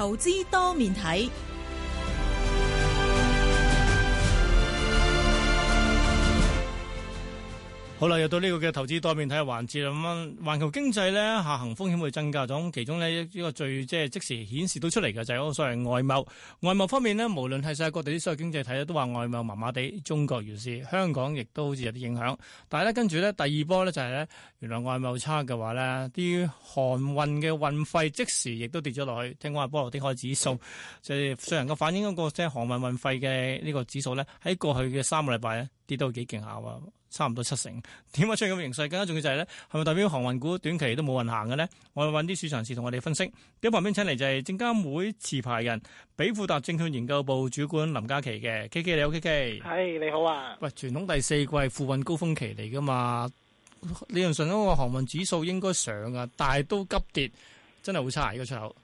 投資多面睇。好啦，又到呢個嘅投資多面睇嘅環節啦。咁啊，環球經濟咧下行風險會增加咗，其中呢呢個最即係即時顯示到出嚟嘅就係我所謂外貿。外貿方面呢，無論係世界各地啲所謂經濟體都話外貿麻麻地，中國如是香港亦都好似有啲影響。但係咧，跟住咧第二波咧就係、是、咧，原來外貿差嘅話咧，啲航運嘅運費即時亦都跌咗落去。聽講啊，波羅的海指數即係雖然個反映嗰、那個即係航運運費嘅呢個指數咧，喺過去嘅三個禮拜咧。跌都幾勁下喎，差唔多七成。點解出現咁嘅形勢？更加重要就係、是、咧，係咪代表航運股短期都冇運行嘅咧？我哋揾啲市場人士同我哋分析。啲旁邊請嚟就係證監會持牌人，比富達證券研究部主管林嘉麒嘅。K K 你好，K K。係、hey, 你好啊。喂，傳統第四季係貨運高峰期嚟㗎嘛？理論上嗰個航運指數應該上啊，但係都急跌，真係好差啊！呢個出口。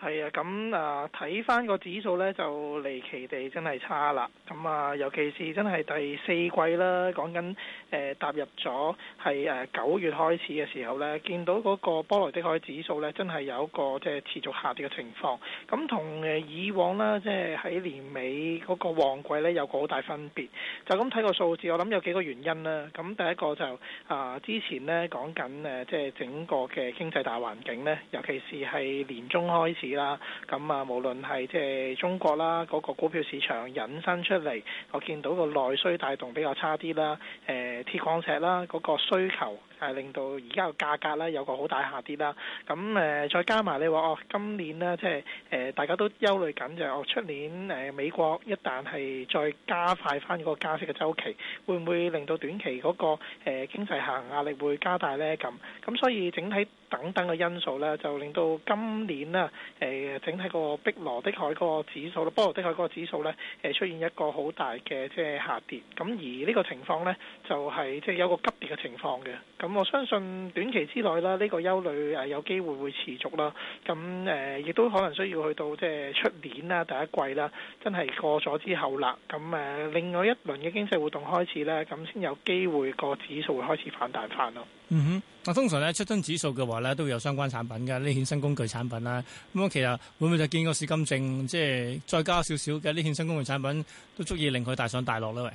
係啊，咁啊睇翻個指數呢，就離奇地真係差啦。咁啊，尤其是真係第四季啦，講緊誒踏入咗係誒九月開始嘅時候呢，見到嗰個波羅的海指數呢，真係有一個即係持續下跌嘅情況。咁同誒以往啦，即係喺年尾嗰個旺季呢，有個好大分別。就咁睇個數字，我諗有幾個原因啦。咁第一個就啊之前呢，講緊誒即係整個嘅經濟大環境呢，尤其是係年中開始啦，咁啊，無論係即係中國啦，嗰個股票市場引申出嚟，我見到個內需帶動比較差啲啦，誒鐵礦石啦，嗰個需求係令到而家個價格咧有個好大下跌啦，咁誒再加埋你話哦，今年呢，即係誒大家都憂慮緊就係哦出年誒美國一旦係再加快返個加息嘅周期，會唔會令到短期嗰個誒經濟下行壓力會加大呢？咁咁所以整體等等嘅因素呢，就令到今年呢。誒，整體個碧羅的海個指數，波羅的海個指數呢，誒出現一個好大嘅即係下跌，咁而呢個情況呢，就係即係有個急跌嘅情況嘅，咁我相信短期之內啦，呢個憂慮有機會會持續啦，咁誒亦都可能需要去到即係出年啦，第一季啦，真係過咗之後啦，咁另外一輪嘅經濟活動開始呢，咁先有機會個指數會開始反彈翻咯。嗯哼，通常咧出樽指數嘅話咧，都會有相關產品嘅呢衍生工具產品啦。咁啊，其實會唔會就見個市金證，即係再加少少嘅呢衍生工具產品，都足以令佢大上大落咧？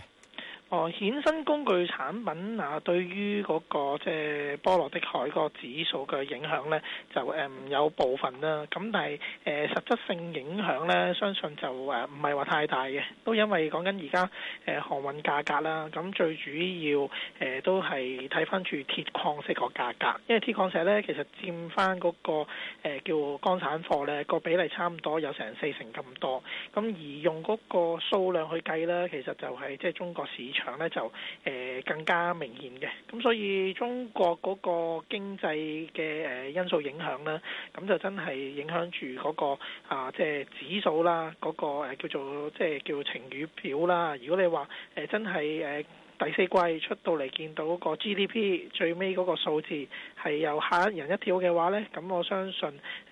哦，衍生工具產品啊，對於嗰個即係波羅的海個指數嘅影響呢，就誒、呃、有部分啦。咁但係誒、呃、實質性影響呢，相信就誒唔係話太大嘅，都因為講緊而家航運價格啦。咁最主要誒、呃、都係睇翻住鐵礦石個價格，因為鐵礦石呢其實佔翻、那、嗰個、呃、叫乾產貨呢個比例差唔多有成四成咁多。咁而用嗰個數量去計呢，其實就係即係中國市場。咧就誒更加明顯嘅，咁所以中國嗰個經濟嘅誒因素影響啦，咁就真係影響住嗰、那個啊，即、就、係、是、指數啦，嗰、那個叫做即係、就是、叫晴雨表啦。如果你話誒真係誒第四季出到嚟見到個 GDP 最尾嗰個數字係有嚇人一跳嘅話呢，咁我相信誒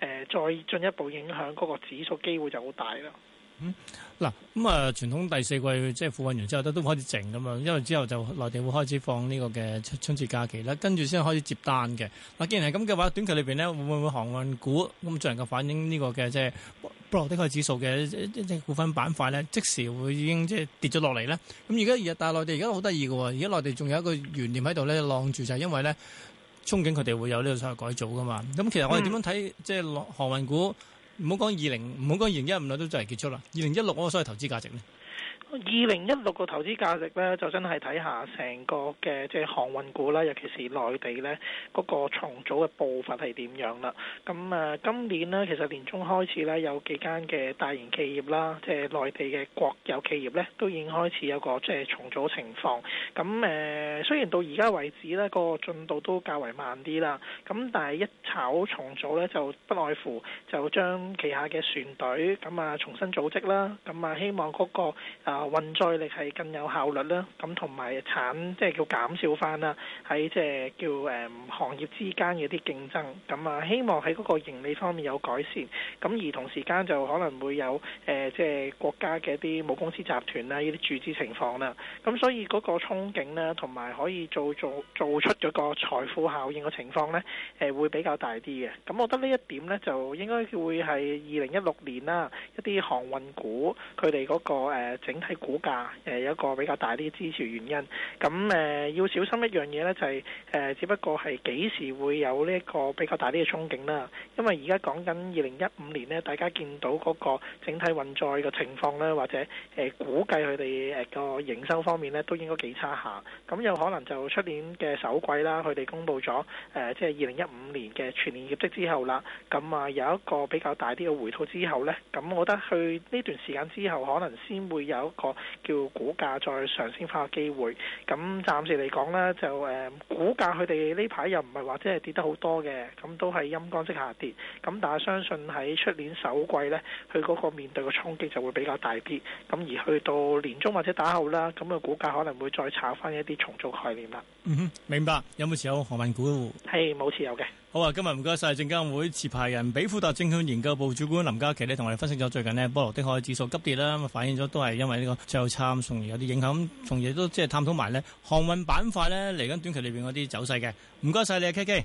再進一步影響嗰個指數機會就好大啦。嗱，咁啊、嗯，傳統第四季即係付運完之後都都開始靜咁啊，因為之後就內地會開始放呢個嘅春節假期啦，跟住先開始接單嘅。嗱，既然係咁嘅話，短期裏邊呢，會唔會航運股咁最能夠反映呢、這個嘅即係波羅的海指數嘅一隻股份板塊呢，即時會已經即係跌咗落嚟呢？咁而家而但係內地而家好得意嘅喎，而家內地仲有一個懸念喺度呢，晾住就係、是、因為呢，憧憬佢哋會有呢個所謂改造嘅嘛。咁其實我哋點樣睇、嗯、即係航運股？唔好講二零，唔好講二零一五都就嚟結束啦。二零一六我嘅所謂投資價值咧。二零一六個投資價值咧，就真係睇下成個嘅即係航運股啦，尤其是內地呢嗰個重組嘅步伐係點樣啦。咁誒，今年呢，其實年中開始呢，有幾間嘅大型企業啦，即係內地嘅國有企業呢，都已經開始有個即係重組情況。咁誒，雖然到而家為止咧，個進度都較為慢啲啦，咁但係一炒重組呢，就不外乎就將旗下嘅船隊咁啊重新組織啦，咁啊希望嗰個啊～運載力係更有效率啦，咁同埋產即係、就是、叫減少翻啦，喺即係叫誒、嗯、行業之間嘅啲競爭，咁啊希望喺嗰個盈利方面有改善，咁而同時間就可能會有誒即係國家嘅啲母公司集團啦，依啲注資情況啦，咁所以嗰個憧憬呢，同埋可以做做做出咗嗰個財富效應嘅情況呢，誒會比較大啲嘅，咁我覺得呢一點呢，就應該會係二零一六年啦，一啲航運股佢哋嗰個、呃、整體股價誒有一個比較大啲支持原因，咁誒、呃、要小心一樣嘢呢，就係、是、誒、呃、只不過係幾時會有呢一個比較大啲嘅憧憬啦。因為而家講緊二零一五年呢，大家見到嗰個整體運載嘅情況呢，或者誒、呃、估計佢哋誒個營收方面呢，都應該幾差下。咁有可能就出年嘅首季啦，佢哋公布咗誒即係二零一五年嘅全年業績之後啦，咁啊有一個比較大啲嘅回吐之後呢，咁我覺得去呢段時間之後可能先會有叫股價再上升翻嘅機會，咁暫時嚟講呢，就誒股價佢哋呢排又唔係話即係跌得好多嘅，咁都係陰乾式下跌，咁但係相信喺出年首季呢，佢嗰個面對嘅衝擊就會比較大啲，咁而去到年中或者打後啦，咁、那、嘅、個、股價可能會再炒翻一啲重組概念啦。嗯哼，明白有冇持有何文股？係冇持有嘅。好啊，今日唔該晒，證監會持牌人比富達證券研究部主管林嘉麒呢，同我哋分析咗最近呢波羅的海指數急跌啦，反映咗都係因為呢、這個。就參，從而有啲影響，從而都即係探討埋咧航運板塊咧嚟緊短期裏面嗰啲走勢嘅。唔該晒你啊，KK。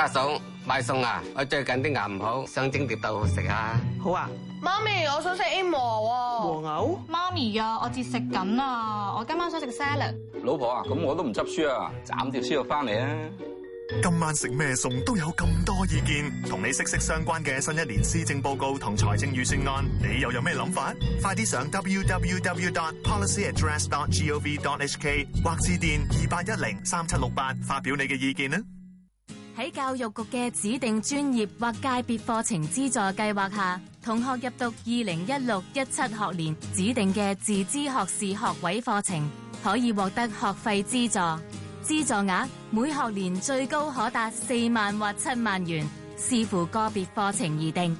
阿嫂買餸啊！我最近啲牙唔好，想蒸碟豆食啊！好啊，媽咪，我想食 A 毛。和牛？媽咪啊，我節食緊啊！我今晚想食 salad。老婆啊，咁我都唔執輸啊，斬碟豬肉翻嚟啊！今晚食咩餸都有咁多意見，同你息息相關嘅新一年施政報告同財政預算案，你又有咩諗法？快啲上 www.dot.policyaddress.dot.gov.dot.hk 或致電二八一零三七六八發表你嘅意見啦！喺教育局嘅指定專業或界別課程資助計劃下，同學入讀二零一六一七學年指定嘅自資學士學位課程，可以獲得學費資助，資助額每學年最高可達四萬或七萬元，視乎個別課程而定。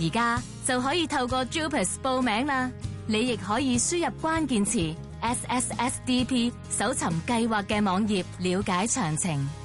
而家就可以透過 JUPAS 報名啦。你亦可以輸入關鍵詞 SSSDP 搜尋計劃嘅網頁，了解詳情。